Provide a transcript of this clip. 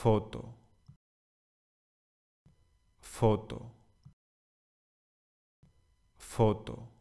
foto, foto, foto.